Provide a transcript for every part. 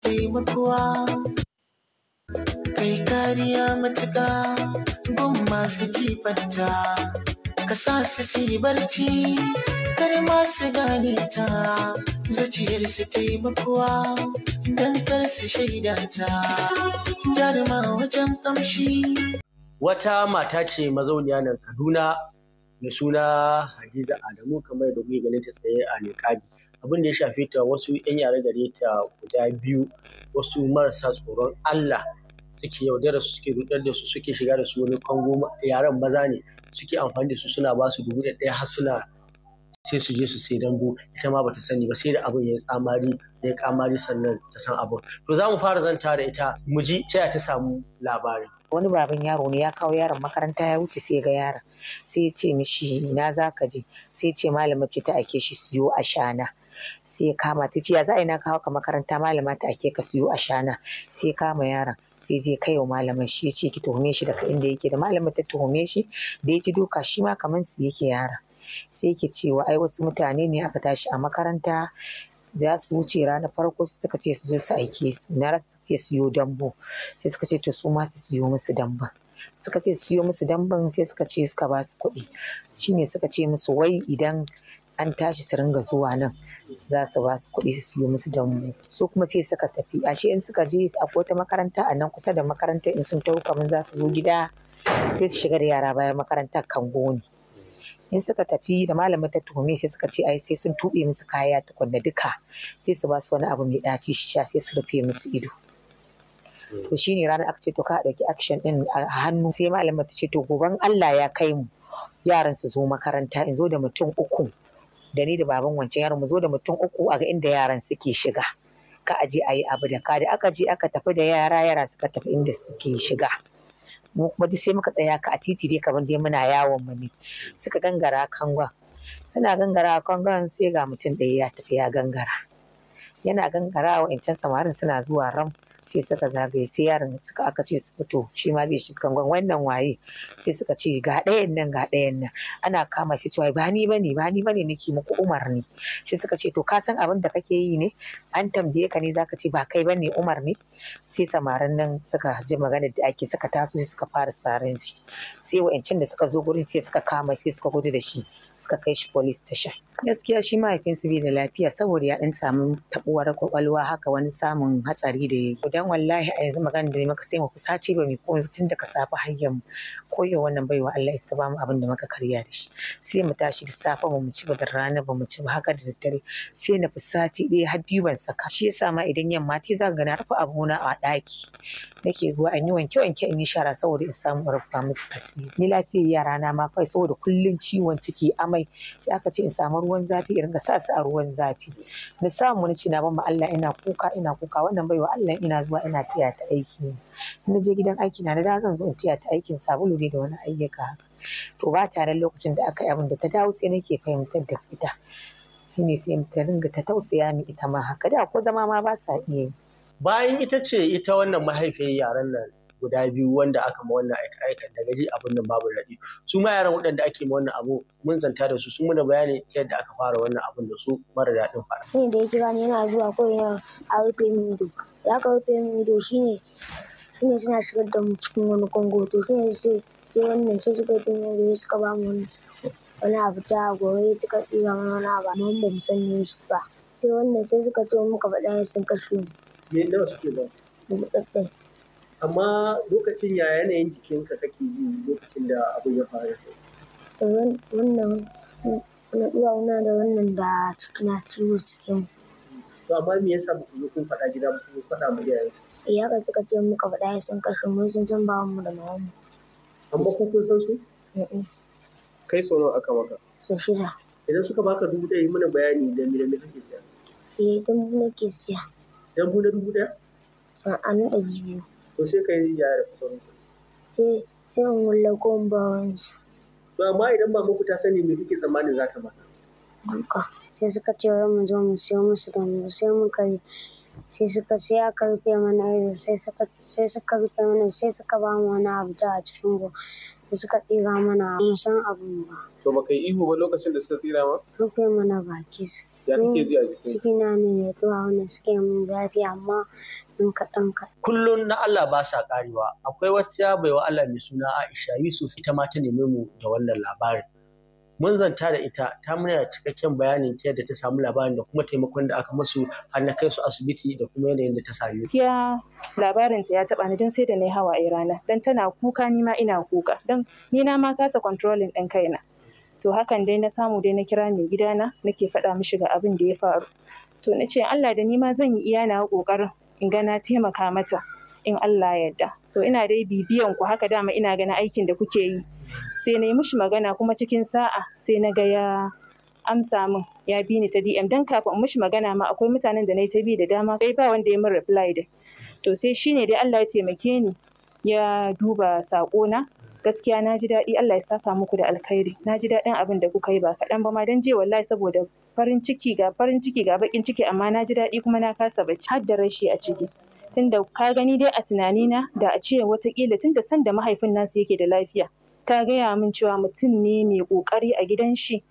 taimakuwa kai kariya matuka gun masu jifarta ka sa su yi barci kar masu gane ta zuciyar su taimakuwa don kar su shaida ta jaruma wajen kamshi wata mata ce mazauniya nan kaduna mai suna hadiza adamu kamar da kuke ganin ta tsaye a niƙabi abin da ya shafe ta wasu 'yan yare gare ta guda biyu wasu marasa tsoron Allah suke yaudara su suke rudar da su suke shiga da su wani kango yaren maza ne suke amfani da su suna ba su dubu da ɗaya har suna sai su je su sai dambu ita ma bata sani ba sai da abin ya tsamari da ya kamari sannan ta san abin to za mu fara zanta da ita mu ji ta ta samu labarin wani baban yaro ne ya kawo yaron makaranta ya wuce sai ga yaron sai ya ce mishi na za ka je sai ya ce malama ce ta ake shi siyo ashana sai ya kama ta ce ya za a na kawo ka makaranta malama ta ake ka siyo a shana. sai ya kama yaran, sai je kai wa malamin shi ya ce ki tuhume shi daga inda yake da malamin ta tuhume shi da ya ji doka, shi ma kamar su yake yara sai ke cewa ai wasu mutane ne aka tashi a makaranta za su wuce rana farko su suka ce su zo su aike su na rasa su ce siyo dambo sai suka ce to su ma su siyo musu damba suka ce siyo musu damban sai suka ce suka ba su kuɗi shine suka ce musu wai idan an tashi su ringa zuwa nan za su ba su kuɗi su yi musu damu. su kuma sai suka tafi ashe in suka je akwai wata makaranta a nan kusa da makaranta in sun tauka kamar za su zo gida sai su shiga da yara bayan makarantar kan goni in suka tafi da malamin ta tuhume sai suka ce ai sai sun tuɓe musu kaya tukunna duka sai su ba su wani abu mai ɗaci sha sai su rufe musu ido to shine ranar aka ce to ka ɗauki action ɗin a hannu sai malamin ta ce to goban Allah ya kai mu yaran su zo makaranta in zo da mutum uku da ni da baban wancan yaron mu zo da mutum uku a ga inda yaran suke shiga ka aje a yi abu da ka da aka je aka tafi da yara yara suka tafi inda suke shiga mu kuma duk sai muka tsaya ka a titi dai kamar dai muna yawon mu ne suka gangara kangon suna gangara kangon sai ga mutum ɗaya ya tafi ya gangara yana gangara wa'incan samarin suna zuwa ram sai suka zagaye sai yaran suka aka ce su fito shi ma zai shi kan wannan waye sai suka ce ga ɗayan nan ga ɗayan nan ana kama shi cewa ba ni bane ba ni bane nake muku ne sai suka ce to ka san abin da kake yi ne an tambaye ka ne zaka ce ba kai bane umar ne sai samarin nan suka ji magana da ake suka taso sai suka fara sarin shi sai wa'ancan da suka zo gurin sai suka kama sai suka gudu da shi suka kai shi police station gaskiya shi mahaifinsu bai da lafiya saboda ya ɗan samu taɓuwar kwakwalwa haka wani samun hatsari da ya dan wallahi a yanzu magana da ne maka sai mu sati ba mai komai tun daga safe har yamma ko yau wannan baiwa Allah ya taba mu abin da muka karya da shi sai mu tashi da safe ba mu ci ba da rana ba mu ci ba haka da daddare sai na fi sati har biyu ban saka shi yasa ma idan yamma ta za ga na rufe abuna a daki nake zuwa in yi wanke wanke in yi shara saboda in samu rufa musu asiri ni lafiya ya na ma kai saboda kullum ciwon ciki amai sai aka ce in samu ruwan zafi in ringa sa su a ruwan zafi na samu na ce na ban ma Allah ina kuka ina kuka wannan wa Allah ina zuwa ina taya ta aiki ne na je gidan aiki na da zan zo in taya ta aikin sabulu dai da wani ayyuka haka to ba tare lokacin da aka yi abin da ta dawo sai nake fahimtar da ita ne sai ta ringa ta tausaya ni ita ma haka da ko zama ma ba sa iya yi bayan ita ce ita wannan mahaifiyar yaran nan guda biyu wanda aka ma wannan aikan da gaji abin nan babu daɗi su ma yaran waɗanda ake ma wannan abu mun zanta da su sun muna bayani yadda aka fara wannan abun da su mara daɗin fara. Ni da yake gani yana zuwa ko yana a rufe min ido da aka rufe min ido shine shine suna shigar da mu cikin wani kongo to shine sai sai wannan sai suka rufe min ido suka ba mu wani wani abu ta gobe suka ɗiba mana wani abu amma ba mu san shi ba sai wannan sai suka to muka faɗa sun kashe mu. Me nawa suke ba? Mu ɗaɗɗai. amma lokacin ya yanayin jikinka kake yi lokacin da abu ya faru wannan naɗuwa na da wannan da na ciwo cikin to amma me yasa ba ku zo kun faɗa gida ba ku faɗa mu iyayen eh, ka suka ce muka faɗa ya san kashe mu sun san ba mu da mawan mu amma ku kun san su kai sono aka maka so shida idan suka baka dubu ɗaya yi mana bayani da me da me kake siya eh dan mu nake siya dan mu na dubu ɗaya a nan ɗari biyu to sai ka yi yaya da sauransu sai sai in wula ko in ba wani to amma idan ba muku ta sani me kike tsammanin za ta mata haka sai suka ce wai mu zo mu siyo musu da mu sai mu kai sai suka sai aka rufe mana ido sai suka sai suka rufe mana sai suka ba mu wani abu ta a cikin go da suka tsira mana mu san abun ba to baka yi ihu ba lokacin da suka tsira ma rufe mana baki su ya kake ji a jikin na ne ya tuwa wani suke mun zafi amma ɗin kaɗan kaɗan. Kullum na Allah ba sa ƙarewa akwai wata baiwa Allah mai suna Aisha Yusuf ita ma ta neme mu da wannan labarin. Mun zanta da ita ta muna da cikakken bayanin ke da ta samu labarin da kuma taimakon da aka masu har na kai su asibiti da kuma yanayin da ta same. Kiya labarin ta ya taɓa ni don sai da na yi hawaye rana don tana kuka ni ma ina kuka don ni na ma kasa controlling ɗin kaina. to hakan dai na samu dai na kira mai gidana nake faɗa mishi ga abin da ya faru to na ce Allah da ni ma zan yi iya na ƙoƙarin in ga na taimaka mata in Allah yarda to ina dai bibiyan ku haka dama ina ganin aikin da kuke yi sai na yi mishi magana kuma cikin sa'a sai na ga ya amsa min ya bi ni ta DM dan kafin mishi magana ma akwai mutanen da na yi ta bi da dama kai ba wanda ya min reply dai? to sai shine dai Allah ya taimake ni ya duba sako na gaskiya na ji daɗi Allah ya saka muku da alkhairi na ji daɗin abin da kuka yi ba kaɗan ba ma dan je wallahi saboda farin ciki ga farin ciki ga bakin ciki amma na ji daɗi kuma na kasa bacci har da rashi a ciki tunda ka gani dai a tunanina da a ce watakila tunda san da mahaifin nasu yake da lafiya ta gaya min cewa mutum ne mai ƙoƙari a gidan shi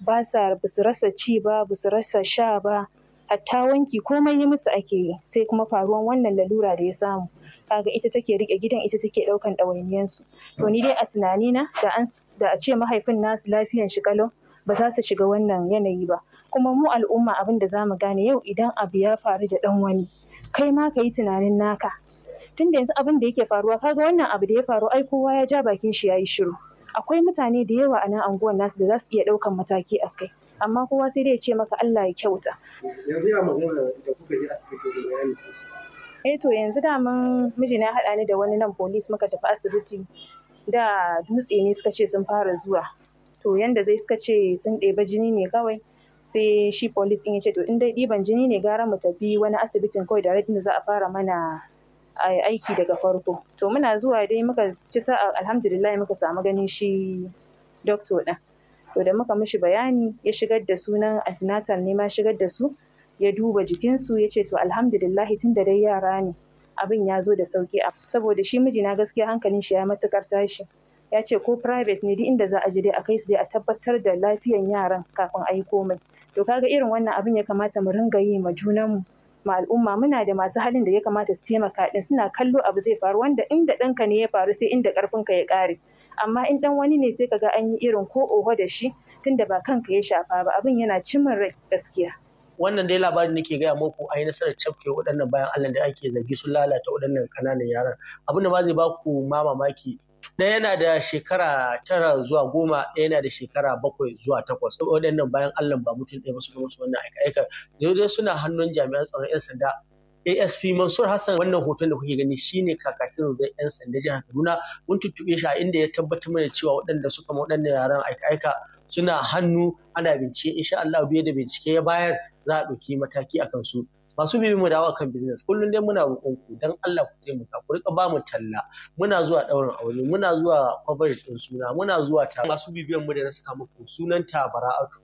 ba sa ba su rasa ci ba ba su rasa sha ba hatta wanki komai yi musu ake yi sai kuma faruwan wannan lalura da ya samu kaga ita take rike gidan ita take ɗaukan su to ni dai a tunanina da an da a ce mahaifin nasu lafiyan shi kalau ba za su shiga wannan yanayi ba kuma mu al'umma abin da zamu gane yau idan abu ya faru da ɗan wani kai ma ka yi tunanin naka tunda yanzu abin da yake faruwa kaga wannan abu da ya faru ai kowa ya ja bakin shi ya yi shiru akwai mutane da yawa a nan anguwan nasu da za su iya ɗaukan mataki a kai amma kowa sai dai ya ce maka Allah ya kyauta yanzu ya magana da kuka yi asibiti bayani eh to yanzu daman mijina haɗa ni da wani nan police muka tafi asibiti da dutse ne suka ce sun fara zuwa to yanda zai suka ce sun ɗeba jini ne kawai sai shi police ɗin, ya ce to in dai ɗiban jini ne gara mu tafi wani asibitin kawai da da za a fara mana aiki daga farko to muna zuwa dai muka ci sa'a alhamdulillah muka samu ganin shi doctor din. to da muka mishi bayani ya shigar da sunan antenatal ne ma shigar da su ya duba jikinsu ya ce to alhamdulillah tun da dai yara ne abin ya zo da sauki saboda shi mijina gaskiya hankalin shi ya matukar tashi ya ce ko private ne duk inda za a je dai a kai su dai a tabbatar da lafiyan yaran kafin a yi komai to kaga irin wannan abin ya kamata mu ringa yi ma junan mu ma al'umma muna da masu halin da ya kamata su taimaka din suna kallo abu zai faru wanda inda ɗanka ne ya faru sai inda ƙarfinka ya ƙare amma in ɗan wani ne sai kaga an yi irin ko oho da shi tunda ba kanka ya shafa ba abin yana cimin rai gaskiya wannan dai labarin nake gaya muku a yi nasarar cafke waɗannan bayan Allah da ake zargi sun lalata waɗannan ƙananan yaran abin da ma zai baku ma mamaki ɗaya yana da shekara tara zuwa goma ɗaya yana da shekara bakwai zuwa takwas waɗannan bayan allah ba mutum ɗaya ba su musu wannan aika aika suna hannun jami'an tsaron 'yan sanda asp mansur hassan wannan hoton da kuke gani shine kakakin rundunar 'yan sanda jihar kaduna mun tuttuɓe shi a inda ya tabbatar mana cewa waɗanda suka ma waɗannan yaran aika aika suna hannu ana bincike insha allah biye da bincike ya bayar za a ɗauki mataki a kansu masu bibi mu dawo kan business kullum dai muna roƙon ku dan Allah ku taimaka ku rika ba mu talla muna zuwa ɗaurin aure muna zuwa coverage din suna muna zuwa ta masu bibiyan mu da na saka muku sunan ta bara'atu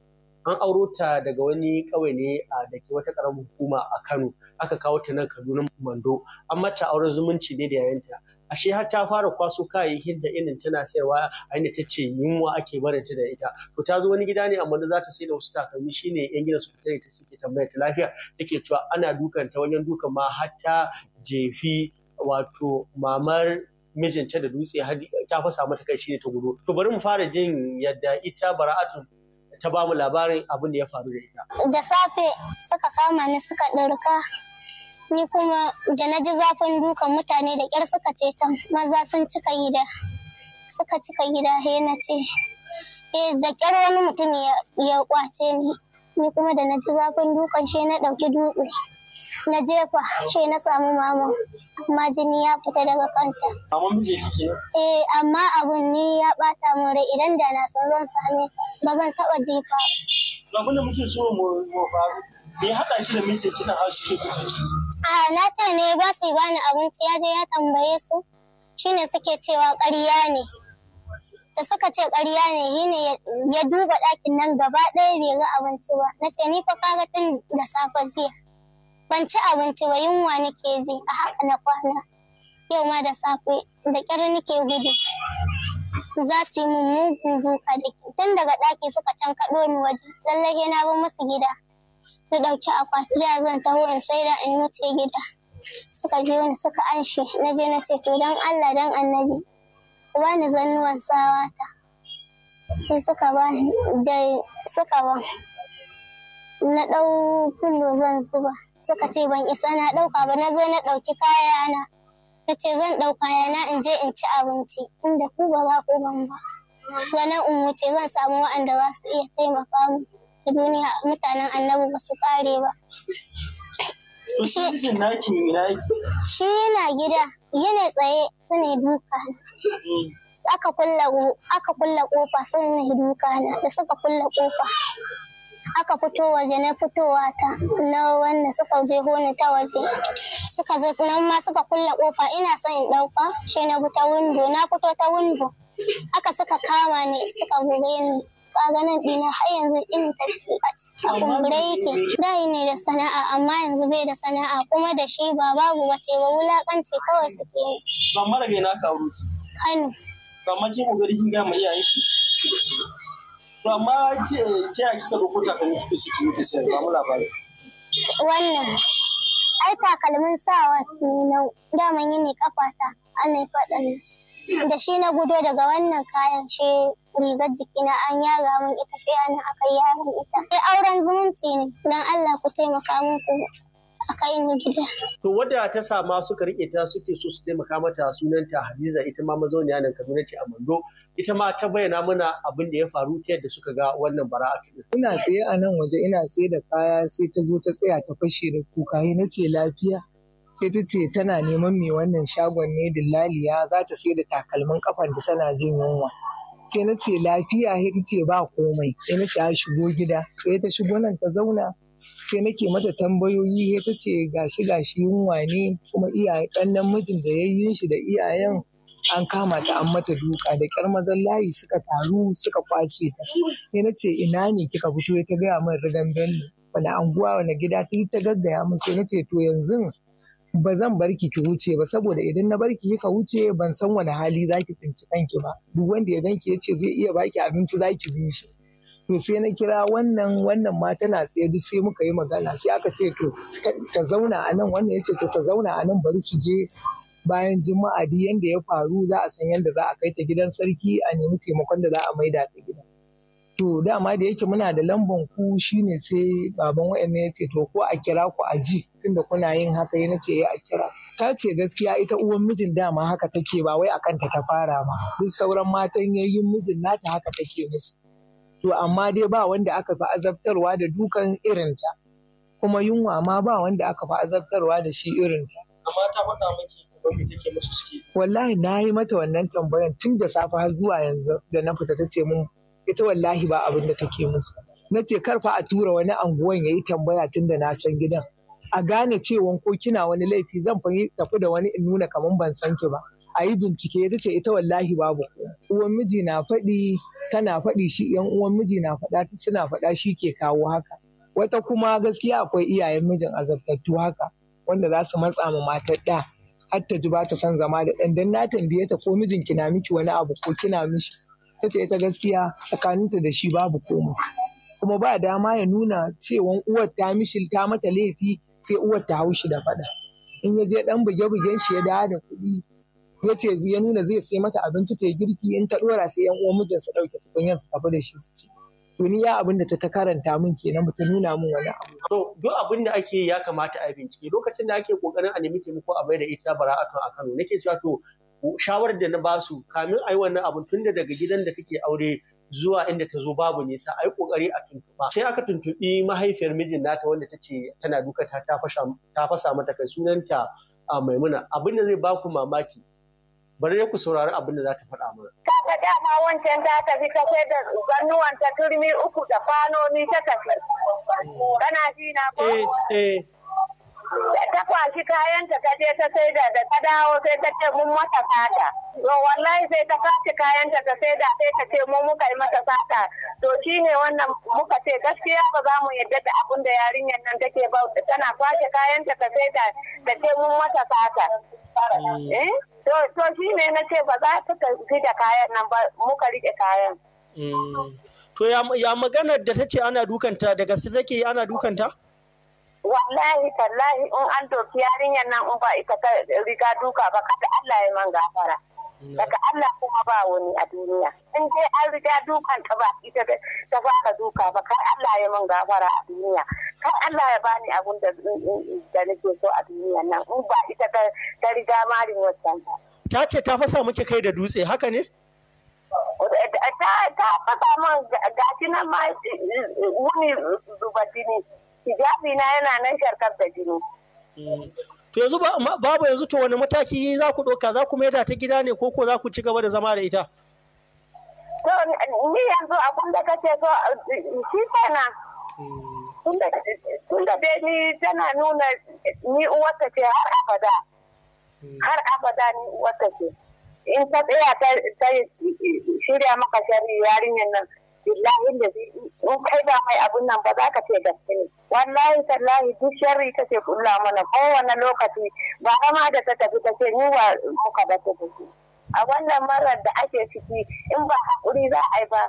an auro ta daga wani ƙauye ne a da wata ƙaramin hukuma a Kano aka kawo ta nan Kaduna Mando an mata auren zumunci ne da yayanta ashe har ta fara kwaso kayayyakin da irin tana sayarwa inda ta ce yunwa ake barinta da ita to ta zo wani gida ne amma za ta sai da wasu takalmi shine yan gidan su fita ta suke tambayar ta lafiya take cewa ana dukan ta wajen dukan ma har ta jefi wato mamar mijinta da dutse har ta fasa mata kai shine ta gudu to bari mu fara jin yadda ita bara'atu ta ba mu labarin abin da ya faru da ita da safe suka kama ni suka ɗauka ni kuma da na ji zafin dukan mutane da ƙyar suka ce ta maza sun cika gida suka cika gida he na ce da ƙyar wani mutum ya kwace ni ni kuma da na ji zafin dukan she na ɗauki dutse na jefa she na samu mama amma jini ya fita daga kanta eh amma abun ni ya bata mun rai idan da na san zan same ba zan taɓa jefa abin da muke so mu faru me ya haɗa ki da mijin kisan har suke kusa A na ce ne ba su bani abinci ya je ya tambaye su shine suke cewa ƙarya ne. Da suka ce ƙarya ne ne ya duba ɗakin nan gaba ɗaya bai ga abinci ba. Na ce ni fa kaga tun da safe jiya. Ban ci abinci ba yunwa nake ji a haka na kwana. Yau ma da safe da ƙyar nake gudu. Za su yi mummun mugun duka da tun daga ɗaki suka can kaɗo ni waje. Lallai na bar musu gida. na ɗauki akwatiriya zan taho in sai da in wuce gida suka biyo ni suka anshi. na je na ce to don Allah don annabi ni zannuwan sawata sai suka ba da suka ba na ɗau kullo zan zuba suka ce ban isa na ɗauka ba na zo na ɗauki kayana na ce zan ɗau yana in je in ci abinci inda ku ba za ku ban ba nan in wuce zan samu waɗanda za su iya taimaka mu duniya mutanen annabi ba su kare ba shi yana gida yana tsaye suna duka aka kulla aka kulla kofa suna duka na da suka kulla kofa aka fito waje na fitowa ta na wanda suka je hona ta waje suka zo nan ma suka kulla kofa ina son in dauka shi na ta windo na fito ta windo aka suka kama ne, suka buge ni kaga nan dina har yanzu in tafi a kumbure yake da ne da sana'a amma yanzu bai da sana'a kuma da shi ba babu wace ba wulakanci kawai suke yi ban mara kai naka wuri. kano ban ma kin kokari kin ga ma iyayen ki to amma ce ce a kika doko takalmi su suke mutu sai ba mu labari wannan ai takalmin sawa ne na daman yi ne kafata ana faɗa ne da shi na gudo daga wannan kayan shi rigar na an yaga min ita sai ana aka yaron ita sai auren zumunci ne dan Allah ku taimaka mun ku yi ni gida to wadda ta sama suka rike ta suke so su taimaka mata sunanta Hadiza ita ma mazauniya nan Kaduna ce a Mando ita ma ta bayyana mana abin da ya faru ta yadda suka ga wannan bara'atu ina tsaye a nan waje ina tsaye da kaya sai ta zo ta tsaya ta fashe da kuka na ce lafiya sai ta ce tana neman mai wannan shagon ne dillaliya za ta sai da takalmin da tana jin yunwa sai na ce lafiya sai ta ce ba komai sai na ce a shigo gida sai ta shigo nan ta zauna sai nake mata tambayoyi sai ta ce gashi gashi yunwa ne kuma iyaye ɗannan mijin da ya yi shi da iyayen an kama ta an mata duka da kyar mazan layi suka taru suka kwace ta sai na ce ina ne kika fito ya ta gaya min rigan bello wani anguwa wani gida ta yi ta gaggaya min sai na ce to yanzu ba zan bar ki ki wuce ba saboda idan na bar ki kika wuce ban san wani hali za ki tsinci kanki ba duk wanda ya ganki ya ce zai iya baki abinci za ki bi shi to sai na kira wannan wannan ma tana tsaye duk sai muka yi magana sai aka ce to ta zauna a nan wannan ya ce to ta zauna a nan bari su je bayan juma'a duk yanda ya faru za a san yanda za a kai ta gidan sarki a nemi taimakon da za a maida ta gidan to dama da yake muna da lamban ku shine sai baban wayanne ya ce to ko a kira ku a ji tunda kuna yin haka ya ce ya eh, a kira ta ce gaskiya ita uwan mijin dama haka take ba wai akan ta ta fara ba. duk sauran matan yayin mijin nata haka take musu to amma dai ba wanda aka fi azabtarwa da dukan irinta kuma yunwa ma ba wanda aka fi azabtarwa da shi irinta amma ta faɗa miki wallahi na yi mata wannan tambayan tun da safe har zuwa yanzu da na fita ta ce mun ita wallahi ba abin da take musu na ce karfa a tura wani anguwan yi tambaya tun da na san gidan a gane cewa ko kina wani laifi zan tafi da wani in nuna kamar ban san ki ba a yi bincike ita ce ita wallahi babu uwan miji na faɗi tana faɗi shi yan uwan miji na faɗa suna faɗa shi ke kawo haka wata kuma gaskiya akwai iyayen mijin azabtattu haka wanda za su matsa ma matar ɗa har ta ji ba ta son zama da ɗan dan na tambaye ta ko mijin kina miki wani abu ko kina mishi ta ce ita gaskiya tsakaninta da shi babu koma kuma ba dama ya nuna cewa uwar ta mishi ta mata laifi sai uwar ta haushi da faɗa in ya je dan buge-bugen shi ya dawo da kuɗi ya ce ya nuna zai sai mata abinci ta girki in ta ɗora sai yan uwan mijinsa ɗauke tukunyar su tafi da shi su ci to ni ya abin da ta karanta min kenan ta nuna min wani abu to duk abin da ake ya kamata a bincike lokacin da ake kokarin a nemi taimako a bai da ita bara a Kano nake cewa to shawarar da na basu kamin a yi wannan abun tunda daga gidan da kake aure zuwa inda ta zo babu nisa a yi kokari a tuntuɓa sai aka tuntuɓi mahaifiyar mijin nata wanda ta ce tana duka ta fasa mata kai sunanta a maimuna abin da zai baku mamaki bari ku saurari abin da za ta faɗa mana. Kaga dama wancan ta tafi ta kai da gannuwan ta turmi uku da kwanoni ta tafi. Kana ji na ko? Eh, eh. ta kwashi kayanta ta je ta saida da ta dawo sai ta ce mun mata fata. to wallahi sai ta kwashi kayanta ta saida sai ta ce mun muka yi mata fata to shine wannan muka ce gaskiya ba za mu yadda da abun da yarinyar nan take ba tana kwashi kayanta ta saida ta ce mun mata fata. Mm. Eh? to shine na ce ba za ta tafi da kayan nan ba muka rike kayan mm. to ya maganar da ta ce ana dukanta daga su take ana dukanta? wallahi tallahi in an doki yarinyar nan in ba ita ka riga duka ba kada Allah ya man gafara mm. daga Allah kuma ba wani a duniya in dai an riga dukan ta ba ita ta ba ka duka ba kai Allah ya man gafara a duniya kai Allah ya bani abun da mm, mm, da nake so a duniya nan in ba ita ta riga marin wancan ta ce ta fasa muke kai da dutse haka ne ta fasa man gashi nan ma wuni zubatini. hijabi na yana nan sharkar da jini mm. to yanzu babu yanzu to wani mataki za ku ɗauka za ku maida ta gida ne ko ko za ku ci gaba da zama da ita to ni yanzu abun da kace so shi kenan mm. Tun dai ni tana nuna ni uwarta ce har abada mm. har abada ni uwarta ce in ta tsaya ta shirya maka shari'a yarinyar nan billahi da in kai ba mai abun nan ba za ka ce gaske ne wallahi tallahi duk sharri ta ce kulla mana kowane lokaci ba ma da ta tafi ta ce ni wa muka ba ta tafi a wannan marar da ake ciki in ba hakuri za a yi ba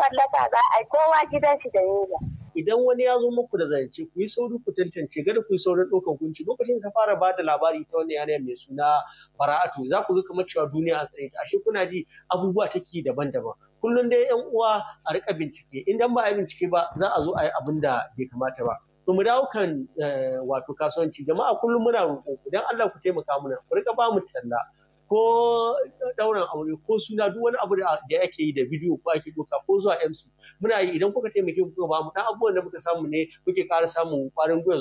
fallaka za a yi kowa gidan shi da ba Idan wani ya zo muku da zance ku yi tsoro ku tantance gada ku yi saurin ɗaukar gunci lokacin ka fara ba da labari ta wani yanayi mai suna fara'atu za ku ga kamar cewa duniya an tsaye ta ashe kuna ji abubuwa take daban-daban kullum dai yan uwa a rika bincike idan ba a bincike ba za a zo a yi abin da bai kamata ba to mu dawo kan eh, wato kasuwanci jama'a kullum muna roƙo idan Allah ku taimaka mana ku rika ba mu talla ko ɗaurin aure ko suna duk wani abu da ake yi da bidiyo ko ake doka ko zuwa MC muna yi idan kuka taimake kuka ba mu dan abubuwan da muka samu ne kuke ƙara samun ƙwarin gwiwa